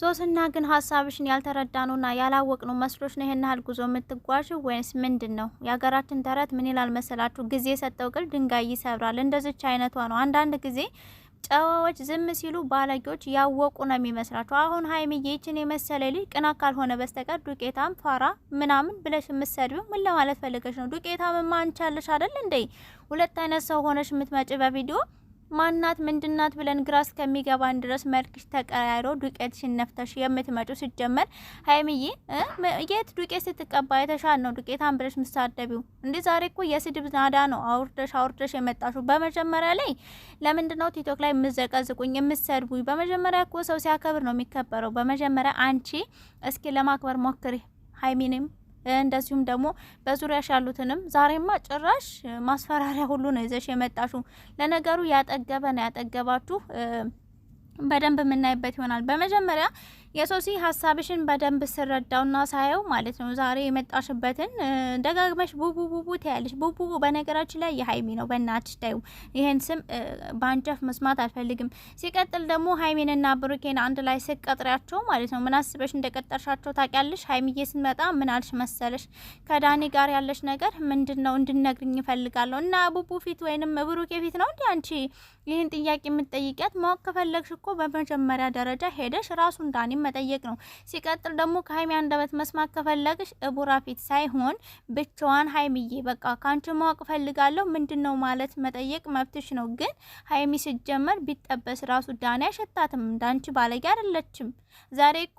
ሶስና ግን ሀሳብሽን ያልተረዳነውና ያላወቅነው መስሎች ነው ይህን ያህል ጉዞ የምትጓዥ ወይንስ ምንድን ነው? የሀገራችን ተረት ምን ይላል መሰላችሁ? ጊዜ የሰጠው ቅል ድንጋይ ይሰብራል። እንደዚች አይነቷ ነው። አንዳንድ ጊዜ ጨዋዎች ዝም ሲሉ ባለጌዎች ያወቁ ነው የሚመስላቸው። አሁን ሀይሚዬ ይችን የመሰለ ልጅ ቅና ካልሆነ በስተቀር ዱቄታም ፋራ ምናምን ብለሽ የምትሰድቢው ምን ለማለት ፈልገሽ ነው? ዱቄታም ማንቻለሽ አደል እንዴ? ሁለት አይነት ሰው ሆነሽ የምትመጭ በቪዲዮ ማናት ምንድናት ብለን ግራ እስከሚገባን ድረስ መልክሽ ተቀያይሮ ዱቄት ሲነፍተሽ የምትመጪው። ሲጀመር ሀይምዬ የት ዱቄት ስትቀባ የተሻል ነው ዱቄታን ብለሽ ምሳደቢው? እንዲህ ዛሬ እኮ የስድብ ናዳ ነው አውርደሽ አውርደሽ የመጣሹ። በመጀመሪያ ላይ ለምንድነው ቲክቶክ ላይ የምዘቀዝቁኝ የምሰድቡኝ? በመጀመሪያ እኮ ሰው ሲያከብር ነው የሚከበረው። በመጀመሪያ አንቺ እስኪ ለማክበር ሞክሪ ሀይሚንም እንደዚሁም ደግሞ በዙሪያሽ ያሉትንም ዛሬማ ጭራሽ ማስፈራሪያ ሁሉ ነው ይዘሽ የመጣሹ። ለነገሩ ያጠገበ ነው ያጠገባችሁ በደንብ የምናይበት ይሆናል። በመጀመሪያ የሶሲ ሀሳብሽን በደንብ ስረዳውና ሳየው ማለት ነው ዛሬ የመጣሽበትን ደጋግመሽ ቡቡ ቡቡ ትያለሽ። ቡቡ በነገራችን ላይ የሀይሚ ነው። በእናትሽ ታዩ ይሄን ስም በአንጨፍ መስማት አልፈልግም። ሲቀጥል ደግሞ ሀይሚንና ብሩኬን አንድ ላይ ስቀጥሪያቸው ማለት ነው ምን አስበሽ እንደቀጠርሻቸው ታውቂያለሽ። ሀይሚዬ ስንመጣ ምን አልሽ መሰለሽ ከዳኒ ጋር ያለሽ ነገር ምንድን ነው እንድነግርኝ ይፈልጋለሁ። እና ቡቡ ፊት ወይንም ብሩኬ ፊት ነው እንዲህ አንቺ ይህን ጥያቄ የምትጠይቂያት? ማወቅ ከፈለግሽ እኮ በመጀመሪያ ደረጃ ሄደሽ ራሱን ዳኒ መጠየቅ ነው። ሲቀጥል ደግሞ ከሀይሚ አንደበት መስማት ከፈለግሽ እቡራ ፊት ሳይሆን ብቻዋን ሀይሚዬ በቃ ከአንቺ ማወቅ ፈልጋለሁ ምንድን ነው ማለት መጠየቅ መብትሽ ነው። ግን ሀይሚ ስጀመር ቢጠበስ ራሱ ዳኒ አይሸታትም። እንዳንቺ ባለጌ አይደለችም። ዛሬ እኮ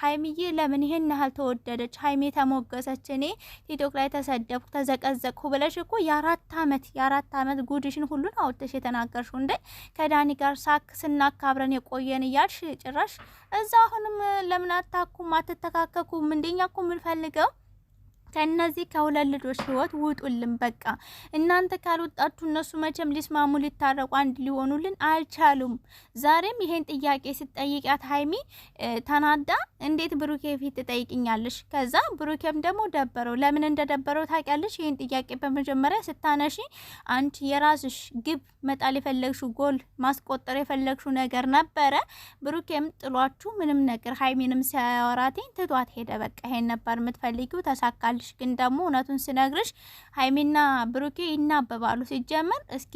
ሀይሚዬ ለምን ይሄን ያህል ተወደደች? ሀይሜ ተሞገሰች፣ እኔ ቲክቶክ ላይ ተሰደብኩ፣ ተዘቀዘቅኩ ብለሽ እኮ የአራት አመት የአራት አመት ጉድሽን ሁሉን አውጥተሽ የተናገርሽው እንደ ከዳኒ ጋር ሳክ ስናካብረን የቆየን እያልሽ ጭራሽ እዛ አሁንም ለምን አታኩም አትተካከኩም? እንደኛ እኮ የምንፈልገው ከእነዚህ ከሁለት ልጆች ህይወት ውጡልን። በቃ እናንተ ካልወጣችሁ እነሱ መቼም ሊስማሙ ሊታረቁ አንድ ሊሆኑልን አልቻሉም። ዛሬም ይሄን ጥያቄ ስትጠይቂያት ሀይሚ ተናዳ እንዴት ብሩኬ ፊት ትጠይቅኛለሽ? ከዛ ብሩኬም ደግሞ ደበረው። ለምን እንደደበረው ታውቂያለሽ? ይህን ጥያቄ በመጀመሪያ ስታነሺ አንቺ የራስሽ ግብ መጣል የፈለግሽው ጎል ማስቆጠር የፈለግሽው ነገር ነበረ። ብሩኬም ጥሏችሁ ምንም ነገር ሀይሚንም ሲያወራትኝ ትቷት ሄደ። በቃ ይሄን ነበር የምትፈልጊው፣ ተሳካልሽ። ግን ደግሞ እውነቱን ስነግርሽ ሀይሚና ብሩኬ ይናበባሉ። ሲጀመር እስኪ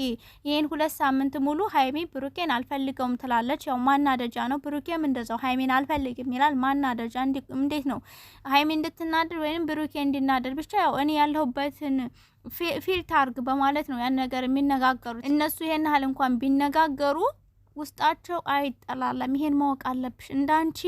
ይህን ሁለት ሳምንት ሙሉ ሀይሚ ብሩኬን አልፈልገውም ትላለች። ያው ማናደጃ ነው። ብሩኬም እንደዛው ሀይሚን አልፈልግም ይላል። ማናደጃ እንዴት ነው ሀይሚ እንድትናደር ወይም ብሩኬ እንድናደር ብቻ ያው እኔ ያለሁበትን ፊልት አርግ በማለት ነው ያን ነገር የሚነጋገሩት። እነሱ ይሄን ያህል እንኳን ቢነጋገሩ ውስጣቸው አይጠላለም። ይሄን ማወቅ አለብሽ። እንዳንቺ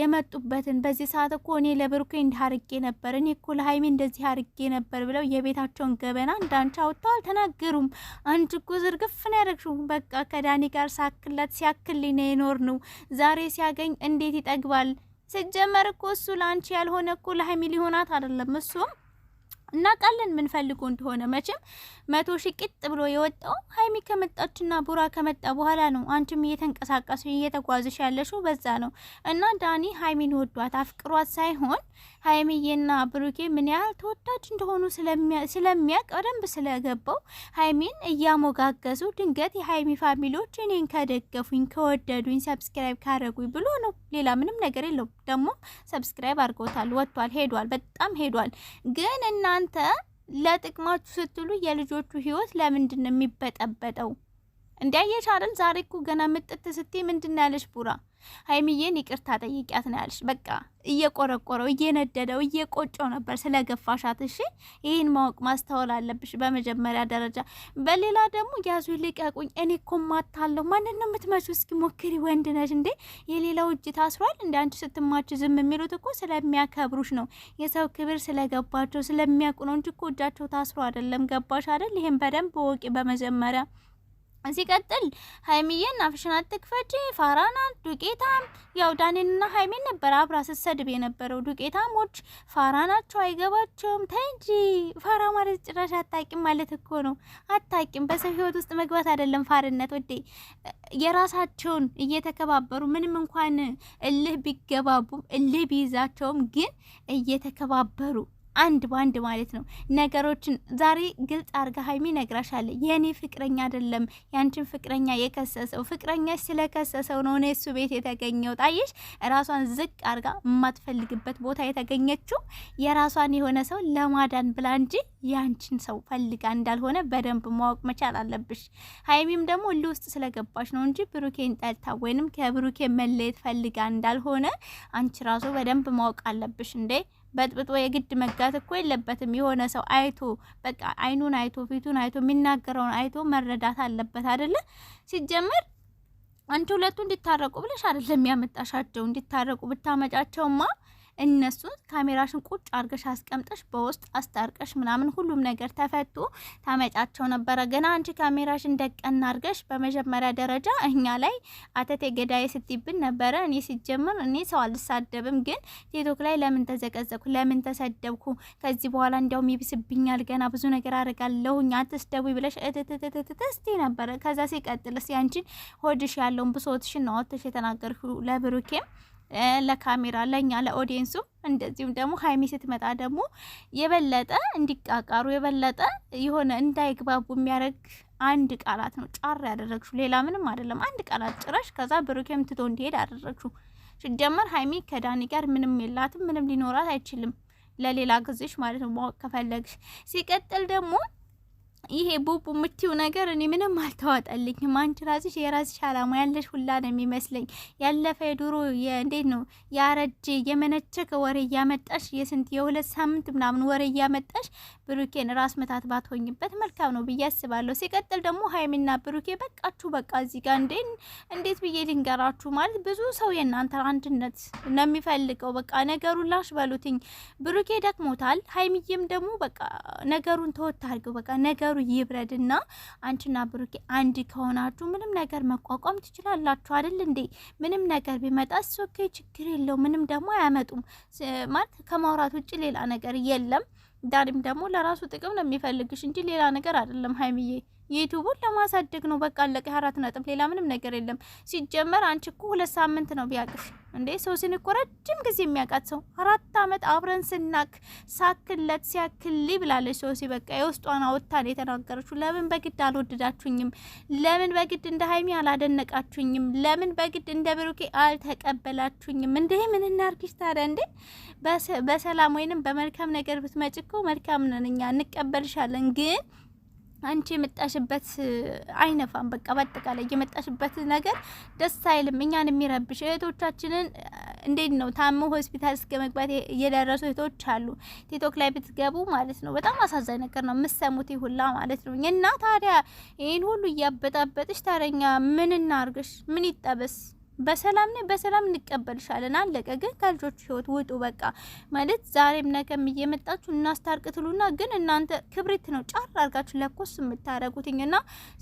የመጡበትን በዚህ ሰዓት እኮ እኔ ለብሩኬ እንዲህ አርጌ ነበር፣ እኔ እኮ ለሀይሜ እንደዚህ አርጌ ነበር ብለው የቤታቸውን ገበና እንዳንቺ አውጥተው አልተናገሩም። አንቺ እኮ ዝርግፍ ነው ያደረግሽው። በቃ ከዳኒ ጋር ሳክለት ሲያክልኝ ነው የኖር ነው። ዛሬ ሲያገኝ እንዴት ይጠግባል? ስጀመር እኮ እሱ ለአንቺ ያልሆነ እኮ ለሀይሜ ሊሆናት አይደለም እሱም እናውቃለን ምንፈልጎ እንደሆነ መቼም መቶ ሺ ቅጥ ብሎ የወጣው ሀይሚ ከመጣችና ቡራ ከመጣ በኋላ ነው። አንቺም እየተንቀሳቀሱ እየተጓዝሽ ያለሽው በዛ ነው እና ዳኒ ሀይሚን ወዷት አፍቅሯት ሳይሆን ሀይሚዬና ብሩኬ ምን ያህል ተወዳጅ እንደሆኑ ስለሚያቅ በደንብ ስለገባው ሀይሚን እያሞጋገዙ ድንገት የሀይሚ ፋሚሊዎች እኔን ከደገፉኝ ከወደዱኝ ሰብስክራይብ ካረጉኝ ብሎ ነው። ሌላ ምንም ነገር የለውም። ደግሞ ሰብስክራይብ አድርጎታል። ወጥቷል፣ ሄዷል፣ በጣም ሄዷል። ግን እናንተ ለጥቅማችሁ ስትሉ የልጆቹ ህይወት ለምንድን ነው የሚበጠበጠው? እንዲያየሽ አይደል? ዛሬ እኮ ገና ምጥት ስትይ ምንድን ያለሽ? ቡራ ሀይሚዬን ይቅርታ ጠይቂያት ነው ያለሽ። በቃ እየቆረቆረው እየነደደው እየቆጮ ነበር ስለ ገፋሻት። እሺ ይህን ማወቅ ማስተዋል አለብሽ በመጀመሪያ ደረጃ። በሌላ ደግሞ ያዙ ልቀቁኝ፣ እኔ እኮ ማታለሁ። ማንን ነው የምትመቹ? እስኪ ሞክሪ፣ ወንድ ነሽ እንዴ? የሌላው እጅ ታስሯል እንደ አንቺ ስትማች ዝም የሚሉት እኮ ስለሚያከብሩሽ ነው፣ የሰው ክብር ስለገባቸው ስለሚያውቁ ነው እንጂ እኮ እጃቸው ታስሮ አይደለም። ገባሽ አይደል? ይህን በደንብ ወቂ በመጀመሪያ ሲቀጥል ሀይሚዬን አፍሽን አትክፈች፣ ፋራና ዱቄታም ያው ዳኔንና ሀይሜን ነበር አብራ ስትሰድብ የነበረው። ዱቄታሞች ፋራ ናቸው፣ አይገባቸውም። ተይ እንጂ ፋራ ማለት ጭራሽ አታቂም ማለት እኮ ነው። አታቂም በሰው ህይወት ውስጥ መግባት አይደለም ፋርነት ወዴ። የራሳቸውን እየተከባበሩ ምንም እንኳን እልህ ቢገባቡም እልህ ቢይዛቸውም ግን እየተከባበሩ አንድ በአንድ ማለት ነው ነገሮችን ዛሬ ግልጽ አርጋ ሀይሚ ነግራሻለ። የእኔ ፍቅረኛ አይደለም ያንችን ፍቅረኛ የከሰሰው ፍቅረኛ ስለከሰሰው ነው እኔ እሱ ቤት የተገኘው። ጣየሽ ራሷን ዝቅ አርጋ የማትፈልግበት ቦታ የተገኘችው የራሷን የሆነ ሰው ለማዳን ብላ እንጂ ያንችን ሰው ፈልጋ እንዳልሆነ በደንብ ማወቅ መቻል አለብሽ። ሀይሚም ደግሞ ሁሉ ውስጥ ስለገባሽ ነው እንጂ ብሩኬን ጠልታ ወይንም ከብሩኬን መለየት ፈልጋ እንዳልሆነ አንቺ ራሱ በደንብ ማወቅ አለብሽ እንዴ በጥብጦ የግድ መጋት እኮ የለበትም። የሆነ ሰው አይቶ በቃ አይኑን አይቶ ፊቱን አይቶ የሚናገረውን አይቶ መረዳት አለበት አይደለ? ሲጀመር አንቺ ሁለቱ እንዲታረቁ ብለሽ አይደለም ያመጣሻቸው። እንዲታረቁ ብታመጫቸውማ እነሱን ካሜራሽን ቁጭ አርገሽ አስቀምጠሽ በውስጥ አስታርቀሽ ምናምን ሁሉም ነገር ተፈቶ ታመጫቸው ነበረ። ገና አንቺ ካሜራሽን ደቀና አርገሽ በመጀመሪያ ደረጃ እኛ ላይ አተቴ ገዳይ ስትይብን ነበረ። እኔ ሲጀምር እኔ ሰው አልሳደብም፣ ግን ቲክቶክ ላይ ለምን ተዘቀዘኩ? ለምን ተሰደብኩ? ከዚህ በኋላ እንዲያውም ይብስብኛል፣ ገና ብዙ ነገር አርጋለሁኝ፣ አትስደቡ ብለሽ እትትትትትስቲ ነበረ። ከዛ ሲቀጥልስ ያንቺን ሆድሽ ያለውን ብሶትሽን ነው አውጥተሽ ለብሩኬም ለካሜራ ለእኛ ለኦዲንሱ እንደዚሁም ደግሞ ሀይሚ ስትመጣ ደግሞ የበለጠ እንዲቃቃሩ የበለጠ የሆነ እንዳይግባቡ የሚያደርግ አንድ ቃላት ነው ጫር ያደረግሹ። ሌላ ምንም አይደለም። አንድ ቃላት ጭራሽ ከዛ ብሩኬም ትቶ እንዲሄድ አደረግሽው። ሲጀመር ሀይሚ ከዳኒ ጋር ምንም የላትም፣ ምንም ሊኖራት አይችልም። ለሌላ ጊዜሽ ማለት ነው ማወቅ ከፈለግሽ። ሲቀጥል ደግሞ ይሄ ቡቡ የምትይው ነገር እኔ ምንም አልተዋጠልኝም። አንቺ ራስሽ የራስሽ አላማ ያለሽ ሁላ ነው የሚመስለኝ። ያለፈ የዱሮ እንዴት ነው ያረጀ የመነቸከ ወሬ እያመጣሽ የስንት የሁለት ሳምንት ምናምን ወሬ እያመጣሽ ብሩኬን ራስ መታት ባትሆኝበት መልካም ነው ብዬ አስባለሁ። ሲቀጥል ደግሞ ሀይሚና ብሩኬ በቃችሁ። በቃ እዚህ ጋር እንዴ እንዴት ብዬ ልንገራችሁ? ማለት ብዙ ሰው የእናንተ አንድነት ነው የሚፈልገው። በቃ ነገሩን ላሽ በሉትኝ። ብሩኬ ደክሞታል። ሀይሚዬም ደግሞ በቃ ነገሩን ተወት አድርገው በቃ ነገሩ ነገሩ ይብረድና አንቺና ብሩኬ አንድ ከሆናችሁ ምንም ነገር መቋቋም ትችላላችሁ አይደል እንዴ? ምንም ነገር ቢመጣ ሶኬ ችግር የለው። ምንም ደግሞ አያመጡም ማለት ከማውራት ውጭ ሌላ ነገር የለም። ዳኒም ደግሞ ለራሱ ጥቅም ነው የሚፈልግሽ እንጂ ሌላ ነገር አይደለም ሀይሚዬ ዩቱቡን ለማሳደግ ነው። በቃ አለቀ። አራት ነጥብ። ሌላ ምንም ነገር የለም። ሲጀመር አንቺ እኮ ሁለት ሳምንት ነው ቢያቅሽ እንዴ ሶሲን እኮ ረጅም ጊዜ የሚያውቃት ሰው አራት አመት አብረን ስናክ ሳክለት ሲያክል ብላለች። ሶሲ በቃ የውስጧን አውጥታ ነው የተናገረችው። ለምን በግድ አልወደዳችሁኝም? ለምን በግድ እንደ ሀይሚ አላደነቃችሁኝም? ለምን በግድ እንደ ብሩኬ አልተቀበላችሁኝም? እንዴ ምን እናርግሽ ታዲያ? እንዴ በሰላም ወይንም በመልካም ነገር ብትመጭ እኮ መልካም ነን እኛ እንቀበልሻለን ግን አንቺ የመጣሽበት አይነፋም። በቃ በአጠቃላይ የመጣሽበት ነገር ደስ አይልም፣ እኛን የሚረብሽ እህቶቻችንን እንዴት ነው ታሞ ሆስፒታል እስከ መግባት የደረሱ እህቶች አሉ። ቲክቶክ ላይ ብትገቡ ማለት ነው በጣም አሳዛኝ ነገር ነው የምሰሙት ሁላ ማለት ነው። እና ታዲያ ይህን ሁሉ እያበጣበጥሽ ታረኛ ምን እናርግሽ? ምን ይጠበስ? በሰላም ነው በሰላም እንቀበልሻለን። አለቀ። ግን ከልጆች ህይወት ውጡ። በቃ ማለት ዛሬም ነገም እየመጣችሁ እናስታርቅ ትሉና ግን እናንተ ክብሪት ነው ጫር አርጋችሁ ለኮስ የምታረጉትኝና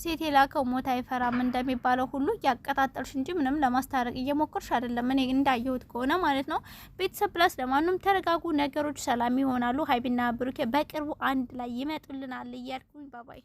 ሴት የላከው ሞት አይፈራም እንደሚባለው ሁሉ እያቀጣጠልሽ እንጂ ምንም ለማስታረቅ እየሞከርሽ አይደለም። እኔ እንዳየሁት ከሆነ ማለት ነው። ቤተሰብ ፕላስ ለማንም ተረጋጉ። ነገሮች ሰላም ይሆናሉ። ሀይቢና ብሩኬ በቅርቡ አንድ ላይ ይመጡልናል እያልኩኝ ባባይ